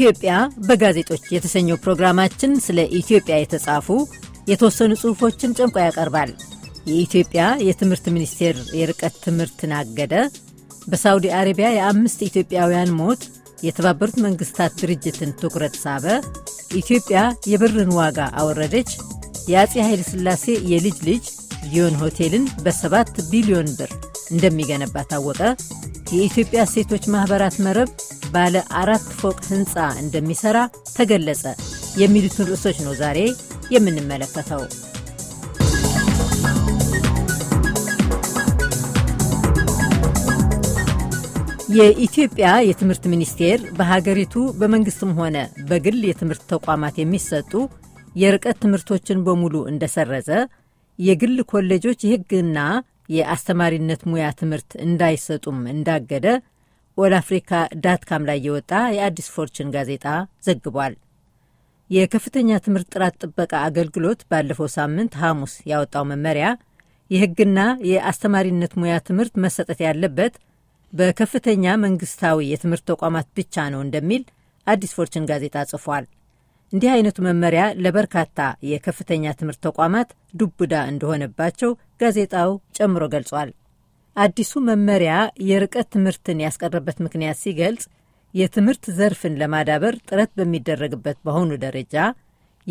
ኢትዮጵያ በጋዜጦች የተሰኘው ፕሮግራማችን ስለ ኢትዮጵያ የተጻፉ የተወሰኑ ጽሑፎችን ጨምቆ ያቀርባል። የኢትዮጵያ የትምህርት ሚኒስቴር የርቀት ትምህርትን አገደ፣ በሳውዲ አረቢያ የአምስት ኢትዮጵያውያን ሞት የተባበሩት መንግስታት ድርጅትን ትኩረት ሳበ፣ ኢትዮጵያ የብርን ዋጋ አወረደች፣ የአጼ ኃይለ ሥላሴ የልጅ ልጅ ጊዮን ሆቴልን በሰባት ቢሊዮን ብር እንደሚገነባ ታወቀ፣ የኢትዮጵያ ሴቶች ማኅበራት መረብ ባለ አራት ፎቅ ህንፃ እንደሚሰራ ተገለጸ የሚሉትን ርዕሶች ነው ዛሬ የምንመለከተው። የኢትዮጵያ የትምህርት ሚኒስቴር በሀገሪቱ በመንግስትም ሆነ በግል የትምህርት ተቋማት የሚሰጡ የርቀት ትምህርቶችን በሙሉ እንደሰረዘ፣ የግል ኮሌጆች የህግና የአስተማሪነት ሙያ ትምህርት እንዳይሰጡም እንዳገደ ኦል አፍሪካ ዳትካም ላይ የወጣ የአዲስ ፎርችን ጋዜጣ ዘግቧል። የከፍተኛ ትምህርት ጥራት ጥበቃ አገልግሎት ባለፈው ሳምንት ሐሙስ ያወጣው መመሪያ የሕግና የአስተማሪነት ሙያ ትምህርት መሰጠት ያለበት በከፍተኛ መንግስታዊ የትምህርት ተቋማት ብቻ ነው እንደሚል አዲስ ፎርችን ጋዜጣ ጽፏል። እንዲህ አይነቱ መመሪያ ለበርካታ የከፍተኛ ትምህርት ተቋማት ዱብዳ እንደሆነባቸው ጋዜጣው ጨምሮ ገልጿል። አዲሱ መመሪያ የርቀት ትምህርትን ያስቀረበት ምክንያት ሲገልጽ የትምህርት ዘርፍን ለማዳበር ጥረት በሚደረግበት በአሁኑ ደረጃ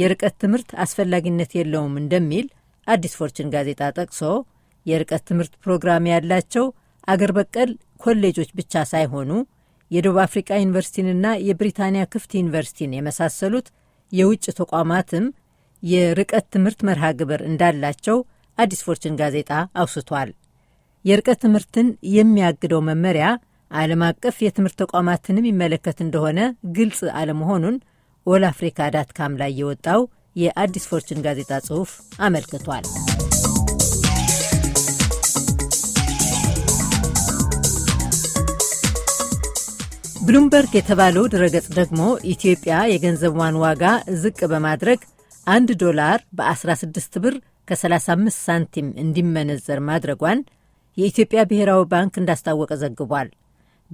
የርቀት ትምህርት አስፈላጊነት የለውም እንደሚል አዲስ ፎርችን ጋዜጣ ጠቅሶ የርቀት ትምህርት ፕሮግራም ያላቸው አገር በቀል ኮሌጆች ብቻ ሳይሆኑ የደቡብ አፍሪቃ ዩኒቨርሲቲንና የብሪታንያ ክፍት ዩኒቨርሲቲን የመሳሰሉት የውጭ ተቋማትም የርቀት ትምህርት መርሃ ግብር እንዳላቸው አዲስ ፎርችን ጋዜጣ አውስቷል። የርቀ ትምህርትን የሚያግደው መመሪያ ዓለም አቀፍ የትምህርት ተቋማትንም ይመለከት እንደሆነ ግልጽ አለመሆኑን ኦል አፍሪካ ዳት ካም ላይ የወጣው የአዲስ ፎርችን ጋዜጣ ጽሑፍ አመልክቷል። ብሉምበርግ የተባለው ድረገጽ ደግሞ ኢትዮጵያ የገንዘቧን ዋጋ ዝቅ በማድረግ አንድ ዶላር በ16 ብር ከ35 ሳንቲም እንዲመነዘር ማድረጓን የኢትዮጵያ ብሔራዊ ባንክ እንዳስታወቀ ዘግቧል።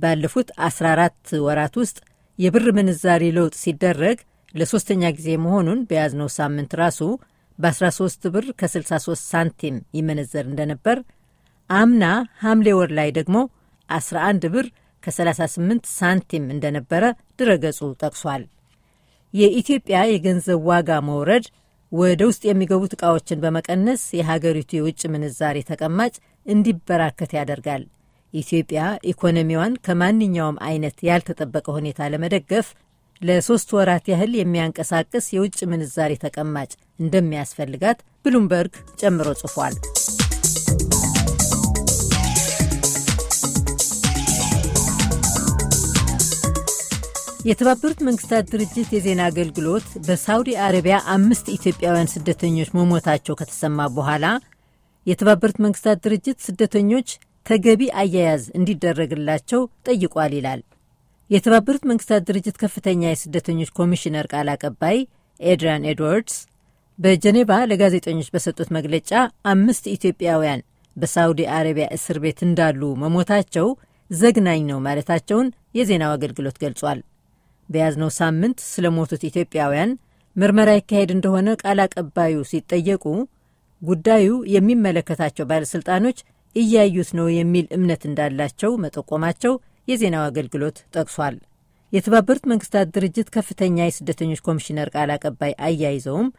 ባለፉት 14 ወራት ውስጥ የብር ምንዛሪ ለውጥ ሲደረግ ለሶስተኛ ጊዜ መሆኑን በያዝነው ሳምንት ራሱ በ13 ብር ከ63 ሳንቲም ይመነዘር እንደነበር አምና ሐምሌ ወር ላይ ደግሞ 11 ብር ከ38 ሳንቲም እንደነበረ ድረገጹ ጠቅሷል። የኢትዮጵያ የገንዘብ ዋጋ መውረድ ወደ ውስጥ የሚገቡት ዕቃዎችን በመቀነስ የሀገሪቱ የውጭ ምንዛሬ ተቀማጭ እንዲበራከት ያደርጋል። ኢትዮጵያ ኢኮኖሚዋን ከማንኛውም አይነት ያልተጠበቀ ሁኔታ ለመደገፍ ለሶስት ወራት ያህል የሚያንቀሳቅስ የውጭ ምንዛሬ ተቀማጭ እንደሚያስፈልጋት ብሉምበርግ ጨምሮ ጽፏል። የተባበሩት መንግስታት ድርጅት የዜና አገልግሎት በሳውዲ አረቢያ አምስት ኢትዮጵያውያን ስደተኞች መሞታቸው ከተሰማ በኋላ የተባበሩት መንግስታት ድርጅት ስደተኞች ተገቢ አያያዝ እንዲደረግላቸው ጠይቋል ይላል። የተባበሩት መንግስታት ድርጅት ከፍተኛ የስደተኞች ኮሚሽነር ቃል አቀባይ ኤድሪያን ኤድዋርድስ በጀኔባ ለጋዜጠኞች በሰጡት መግለጫ አምስት ኢትዮጵያውያን በሳውዲ አረቢያ እስር ቤት እንዳሉ መሞታቸው ዘግናኝ ነው ማለታቸውን የዜናው አገልግሎት ገልጿል። በያዝነው ሳምንት ስለ ሞቱት ኢትዮጵያውያን ምርመራ ይካሄድ እንደሆነ ቃል አቀባዩ ሲጠየቁ ጉዳዩ የሚመለከታቸው ባለሥልጣኖች እያዩት ነው የሚል እምነት እንዳላቸው መጠቆማቸው የዜናው አገልግሎት ጠቅሷል። የተባበሩት መንግስታት ድርጅት ከፍተኛ የስደተኞች ኮሚሽነር ቃል አቀባይ አያይዘውም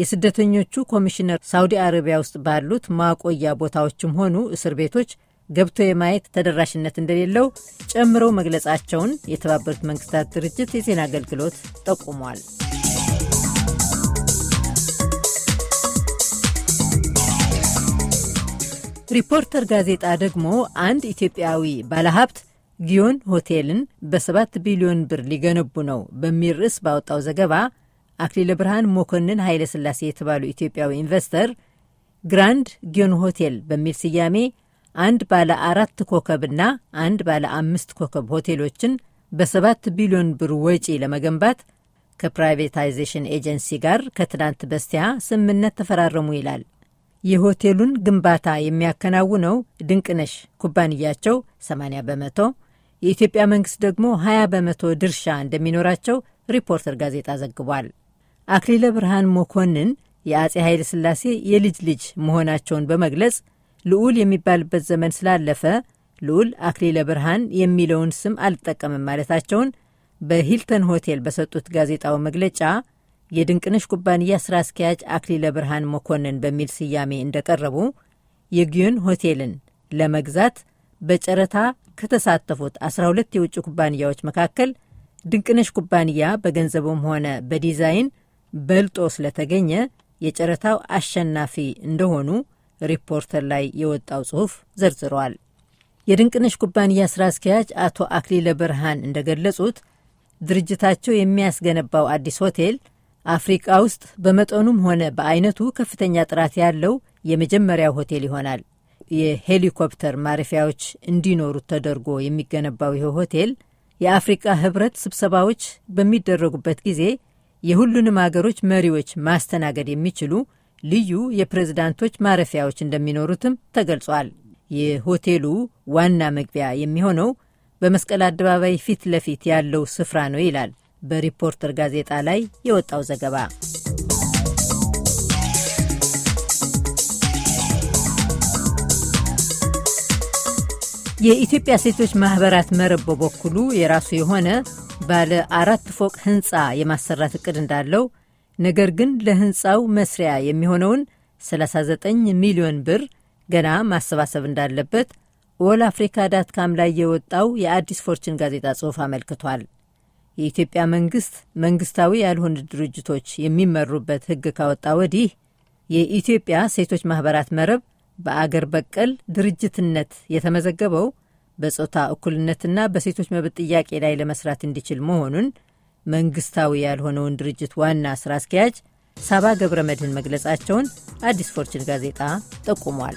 የስደተኞቹ ኮሚሽነር ሳውዲ አረቢያ ውስጥ ባሉት ማቆያ ቦታዎችም ሆኑ እስር ቤቶች ገብቶ የማየት ተደራሽነት እንደሌለው ጨምረው መግለጻቸውን የተባበሩት መንግስታት ድርጅት የዜና አገልግሎት ጠቁሟል። ሪፖርተር ጋዜጣ ደግሞ አንድ ኢትዮጵያዊ ባለሀብት ጊዮን ሆቴልን በሰባት ቢሊዮን ብር ሊገነቡ ነው በሚል ርዕስ ባወጣው ዘገባ አክሊለ ብርሃን መኮንን ኃይለ ሥላሴ የተባሉ ኢትዮጵያዊ ኢንቨስተር ግራንድ ጊዮን ሆቴል በሚል ስያሜ አንድ ባለ አራት ኮከብና አንድ ባለ አምስት ኮከብ ሆቴሎችን በሰባት ቢሊዮን ብር ወጪ ለመገንባት ከፕራይቬታይዜሽን ኤጀንሲ ጋር ከትናንት በስቲያ ስምምነት ተፈራረሙ ይላል የሆቴሉን ግንባታ የሚያከናውነው ድንቅነሽ ኩባንያቸው 80 በመቶ፣ የኢትዮጵያ መንግሥት ደግሞ 20 በመቶ ድርሻ እንደሚኖራቸው ሪፖርተር ጋዜጣ ዘግቧል። አክሊለ ብርሃን መኮንን የአጼ ኃይለ ሥላሴ የልጅ ልጅ መሆናቸውን በመግለጽ ልዑል የሚባልበት ዘመን ስላለፈ ልዑል አክሊለ ብርሃን የሚለውን ስም አልጠቀምም ማለታቸውን በሂልተን ሆቴል በሰጡት ጋዜጣዊ መግለጫ የድንቅነሽ ኩባንያ ስራ አስኪያጅ አክሊለ ብርሃን መኮንን በሚል ስያሜ እንደቀረቡ የጊዩን ሆቴልን ለመግዛት በጨረታ ከተሳተፉት 12 የውጭ ኩባንያዎች መካከል ድንቅነሽ ኩባንያ በገንዘቡም ሆነ በዲዛይን በልጦ ስለተገኘ የጨረታው አሸናፊ እንደሆኑ ሪፖርተር ላይ የወጣው ጽሑፍ ዘርዝረዋል። የድንቅነሽ ኩባንያ ስራ አስኪያጅ አቶ አክሊለ ብርሃን እንደገለጹት ድርጅታቸው የሚያስገነባው አዲስ ሆቴል አፍሪቃ ውስጥ በመጠኑም ሆነ በአይነቱ ከፍተኛ ጥራት ያለው የመጀመሪያው ሆቴል ይሆናል። የሄሊኮፕተር ማረፊያዎች እንዲኖሩት ተደርጎ የሚገነባው ይህ ሆቴል የአፍሪቃ ህብረት ስብሰባዎች በሚደረጉበት ጊዜ የሁሉንም አገሮች መሪዎች ማስተናገድ የሚችሉ ልዩ የፕሬዝዳንቶች ማረፊያዎች እንደሚኖሩትም ተገልጿል። የሆቴሉ ዋና መግቢያ የሚሆነው በመስቀል አደባባይ ፊት ለፊት ያለው ስፍራ ነው ይላል በሪፖርተር ጋዜጣ ላይ የወጣው ዘገባ። የኢትዮጵያ ሴቶች ማኅበራት መረብ በበኩሉ የራሱ የሆነ ባለ አራት ፎቅ ሕንፃ የማሰራት ዕቅድ እንዳለው ነገር ግን ለሕንፃው መስሪያ የሚሆነውን 39 ሚሊዮን ብር ገና ማሰባሰብ እንዳለበት ኦል አፍሪካ ዳትካም ላይ የወጣው የአዲስ ፎርችን ጋዜጣ ጽሑፍ አመልክቷል። የኢትዮጵያ መንግስት መንግስታዊ ያልሆኑ ድርጅቶች የሚመሩበት ህግ ካወጣ ወዲህ የኢትዮጵያ ሴቶች ማኅበራት መረብ በአገር በቀል ድርጅትነት የተመዘገበው በጾታ እኩልነትና በሴቶች መብት ጥያቄ ላይ ለመስራት እንዲችል መሆኑን መንግስታዊ ያልሆነውን ድርጅት ዋና ስራ አስኪያጅ ሳባ ገብረ መድህን መግለጻቸውን አዲስ ፎርችን ጋዜጣ ጠቁሟል።